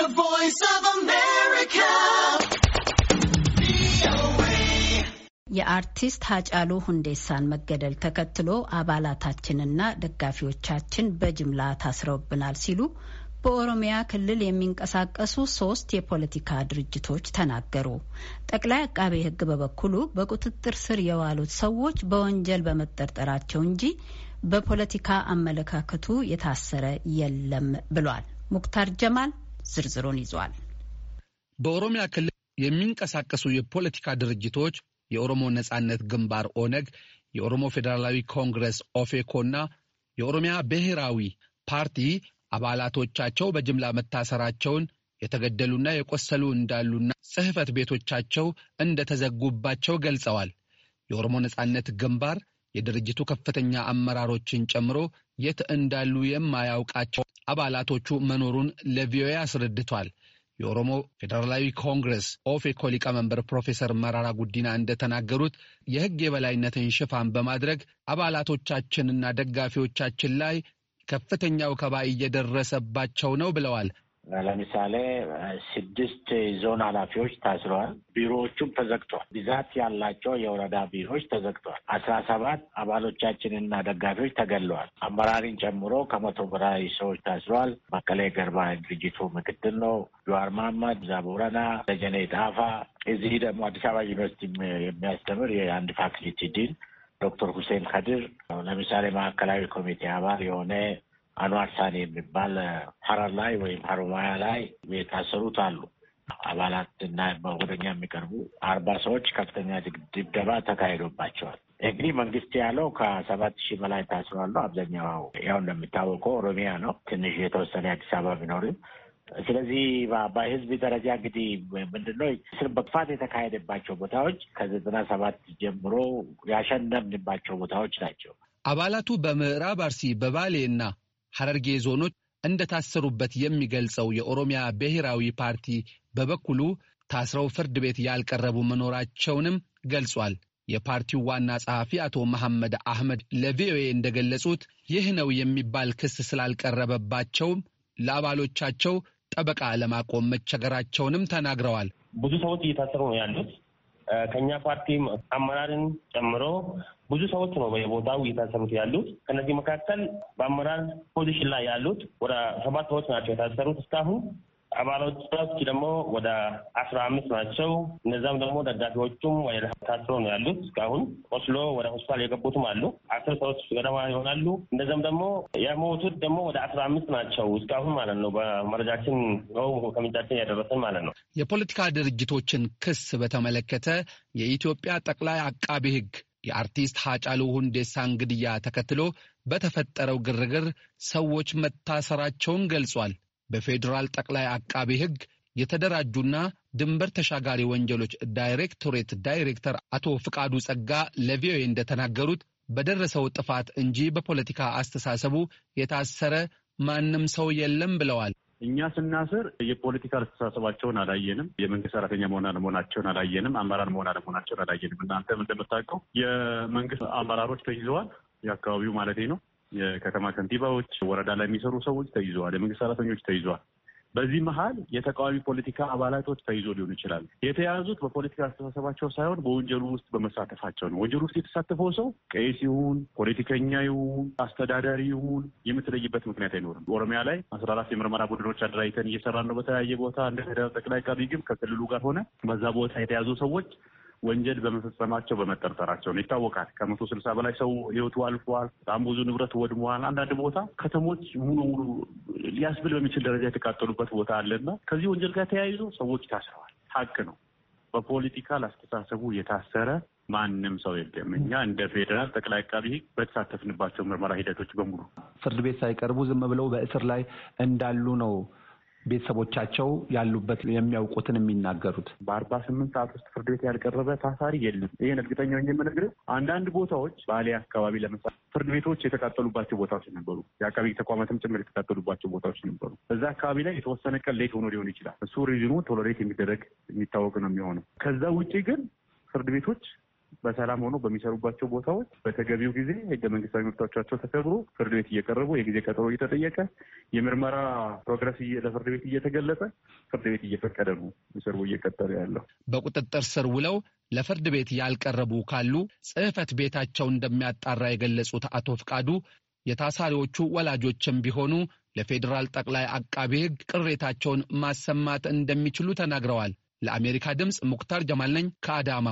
The Voice of America. የአርቲስት ሀጫሉ ሁንዴሳን መገደል ተከትሎ አባላታችንና ደጋፊዎቻችን በጅምላ ታስረውብናል ሲሉ በኦሮሚያ ክልል የሚንቀሳቀሱ ሶስት የፖለቲካ ድርጅቶች ተናገሩ። ጠቅላይ አቃቤ ሕግ በበኩሉ በቁጥጥር ስር የዋሉት ሰዎች በወንጀል በመጠርጠራቸው እንጂ በፖለቲካ አመለካከቱ የታሰረ የለም ብሏል። ሙክታር ጀማል ዝርዝሩን ይዟል። በኦሮሚያ ክልል የሚንቀሳቀሱ የፖለቲካ ድርጅቶች የኦሮሞ ነጻነት ግንባር ኦነግ፣ የኦሮሞ ፌዴራላዊ ኮንግረስ ኦፌኮ እና የኦሮሚያ ብሔራዊ ፓርቲ አባላቶቻቸው በጅምላ መታሰራቸውን የተገደሉና የቆሰሉ እንዳሉና ጽሕፈት ቤቶቻቸው እንደተዘጉባቸው ገልጸዋል። የኦሮሞ ነጻነት ግንባር የድርጅቱ ከፍተኛ አመራሮችን ጨምሮ የት እንዳሉ የማያውቃቸው አባላቶቹ መኖሩን ለቪኦኤ አስረድቷል። የኦሮሞ ፌዴራላዊ ኮንግረስ ኦፌኮ ሊቀመንበር ፕሮፌሰር መራራ ጉዲና እንደተናገሩት የሕግ የበላይነትን ሽፋን በማድረግ አባላቶቻችንና ደጋፊዎቻችን ላይ ከፍተኛ ወከባ እየደረሰባቸው ነው ብለዋል። ለምሳሌ ስድስት ዞን ኃላፊዎች ታስረዋል። ቢሮዎቹም ተዘግተዋል። ብዛት ያላቸው የወረዳ ቢሮዎች ተዘግተዋል። አስራ ሰባት አባሎቻችንና ደጋፊዎች ተገለዋል። አመራሪን ጨምሮ ከመቶ በላይ ሰዎች ታስረዋል። መቀሌ ገርባ ድርጅቱ ምክትል ነው። ጁዋር መሐመድ ዛቡረና፣ ደጀኔ ጣፋ፣ እዚህ ደግሞ አዲስ አበባ ዩኒቨርሲቲ የሚያስተምር የአንድ ፋክልቲ ዲን ዶክተር ሁሴን ከድር ለምሳሌ ማዕከላዊ ኮሚቴ አባል የሆነ አንዋር ሳኔ የሚባል ሀረር ላይ ወይም ሀሮማያ ላይ የታሰሩት አሉ። አባላት እና ወደኛ የሚቀርቡ አርባ ሰዎች ከፍተኛ ድብደባ ተካሂዶባቸዋል። እንግዲህ መንግስት ያለው ከሰባት ሺህ በላይ ታስሯል። አብዛኛው ያው እንደሚታወቀው ኦሮሚያ ነው። ትንሽ የተወሰነ አዲስ አበባ ቢኖርም ስለዚህ በህዝብ ደረጃ እንግዲህ ምንድነው ስር በክፋት የተካሄደባቸው ቦታዎች ከዘጠና ሰባት ጀምሮ ያሸነምንባቸው ቦታዎች ናቸው። አባላቱ በምዕራብ አርሲ በባሌ እና ሐረርጌ ዞኖች እንደታሰሩበት የሚገልጸው የኦሮሚያ ብሔራዊ ፓርቲ በበኩሉ ታስረው ፍርድ ቤት ያልቀረቡ መኖራቸውንም ገልጿል። የፓርቲው ዋና ጸሐፊ አቶ መሐመድ አህመድ ለቪኦኤ እንደገለጹት ይህ ነው የሚባል ክስ ስላልቀረበባቸውም ለአባሎቻቸው ጠበቃ ለማቆም መቸገራቸውንም ተናግረዋል። ብዙ ሰዎች እየታሰሩ ነው ያሉት ከኛ ፓርቲ አመራርን ጨምሮ ብዙ ሰዎች ነው በየቦታው እየታሰሩት ያሉት። ከነዚህ መካከል በአመራር ፖዚሽን ላይ ያሉት ወደ ሰባት ሰዎች ናቸው የታሰሩት እስካሁን አባሎቻች ደግሞ ወደ አስራ አምስት ናቸው። እነዛም ደግሞ ደጋፊዎቹም ወደ ታስሮ ነው ያሉት። እስካሁን ቆስሎ ወደ ሆስፒታል የገቡትም አሉ። አስር ሰዎች ገደማ ይሆናሉ። እነዛም ደግሞ የሞቱት ደግሞ ወደ አስራ አምስት ናቸው እስካሁን ማለት ነው። በመረጃችን ነው ከምንጫችን ያደረሰን ማለት ነው። የፖለቲካ ድርጅቶችን ክስ በተመለከተ የኢትዮጵያ ጠቅላይ አቃቢ ሕግ የአርቲስት ሀጫሉ ሁንዴሳን ግድያ ተከትሎ በተፈጠረው ግርግር ሰዎች መታሰራቸውን ገልጿል። በፌዴራል ጠቅላይ አቃቢ ሕግ የተደራጁና ድንበር ተሻጋሪ ወንጀሎች ዳይሬክቶሬት ዳይሬክተር አቶ ፍቃዱ ጸጋ ለቪኦኤ እንደተናገሩት በደረሰው ጥፋት እንጂ በፖለቲካ አስተሳሰቡ የታሰረ ማንም ሰው የለም ብለዋል። እኛ ስናስር የፖለቲካ አስተሳሰባቸውን አላየንም። የመንግስት ሰራተኛ መሆን አለመሆናቸውን አላየንም። አመራር መሆን አለመሆናቸውን አላየንም። እናንተም እንደምታውቀው የመንግስት አመራሮች ተይዘዋል። የአካባቢው ማለት ነው። የከተማ ከንቲባዎች፣ ወረዳ ላይ የሚሰሩ ሰዎች ተይዘዋል። የመንግስት ሰራተኞች ተይዘዋል። በዚህ መሀል የተቃዋሚ ፖለቲካ አባላቶች ተይዞ ሊሆን ይችላል። የተያዙት በፖለቲካ አስተሳሰባቸው ሳይሆን በወንጀሉ ውስጥ በመሳተፋቸው ነው። ወንጀሉ ውስጥ የተሳተፈው ሰው ቄስ ይሁን ፖለቲከኛ ይሁን አስተዳዳሪ ይሁን የምትለይበት ምክንያት አይኖርም። ኦሮሚያ ላይ አስራ አራት የምርመራ ቡድኖች አደራጅተን እየሰራን ነው። በተለያየ ቦታ እንደ ጠቅላይ ዐቃቤ ሕግም ከክልሉ ጋር ሆነ በዛ ቦታ የተያዙ ሰዎች ወንጀል በመፈጸማቸው በመጠርጠራቸው ነው ይታወቃል። ከመቶ ስልሳ በላይ ሰው ህይወቱ አልፏል። በጣም ብዙ ንብረት ወድመዋል። አንዳንድ ቦታ ከተሞች ሙሉ ሙሉ ሊያስብል በሚችል ደረጃ የተቃጠሉበት ቦታ አለና ከዚህ ወንጀል ጋር ተያይዞ ሰዎች ታስረዋል። ሀቅ ነው። በፖለቲካል አስተሳሰቡ የታሰረ ማንም ሰው የለም። እኛ እንደ ፌዴራል ጠቅላይ አቃቢ በተሳተፍንባቸው ምርመራ ሂደቶች በሙሉ ፍርድ ቤት ሳይቀርቡ ዝም ብለው በእስር ላይ እንዳሉ ነው ቤተሰቦቻቸው ያሉበት የሚያውቁትን የሚናገሩት። በአርባ ስምንት ሰዓት ውስጥ ፍርድ ቤት ያልቀረበ ታሳሪ የለም። ይህን እርግጠኛ ሆኜ የምነግርህ አንዳንድ ቦታዎች ባሌ አካባቢ ለምሳሌ ፍርድ ቤቶች የተቃጠሉባቸው ቦታዎች ነበሩ። የአካባቢ ተቋማትም ጭምር የተቃጠሉባቸው ቦታዎች ነበሩ። እዛ አካባቢ ላይ የተወሰነ ቀን ሌት ሆኖ ሊሆን ይችላል። እሱ ሪዝኑ ቶሎሬት የሚደረግ የሚታወቅ ነው የሚሆነው። ከዛ ውጭ ግን ፍርድ ቤቶች በሰላም ሆኖ በሚሰሩባቸው ቦታዎች በተገቢው ጊዜ ህገ መንግስታዊ መብቶቻቸው ተከብሮ ፍርድ ቤት እየቀረቡ የጊዜ ቀጠሮ እየተጠየቀ የምርመራ ፕሮግረስ ለፍርድ ቤት እየተገለጸ ፍርድ ቤት እየፈቀደ ነው ሚሰሩ እየቀጠለ ያለው። በቁጥጥር ስር ውለው ለፍርድ ቤት ያልቀረቡ ካሉ ጽህፈት ቤታቸው እንደሚያጣራ የገለጹት አቶ ፍቃዱ የታሳሪዎቹ ወላጆችም ቢሆኑ ለፌዴራል ጠቅላይ አቃቢ ህግ ቅሬታቸውን ማሰማት እንደሚችሉ ተናግረዋል። ለአሜሪካ ድምፅ ሙክታር ጀማል ነኝ ከአዳማ።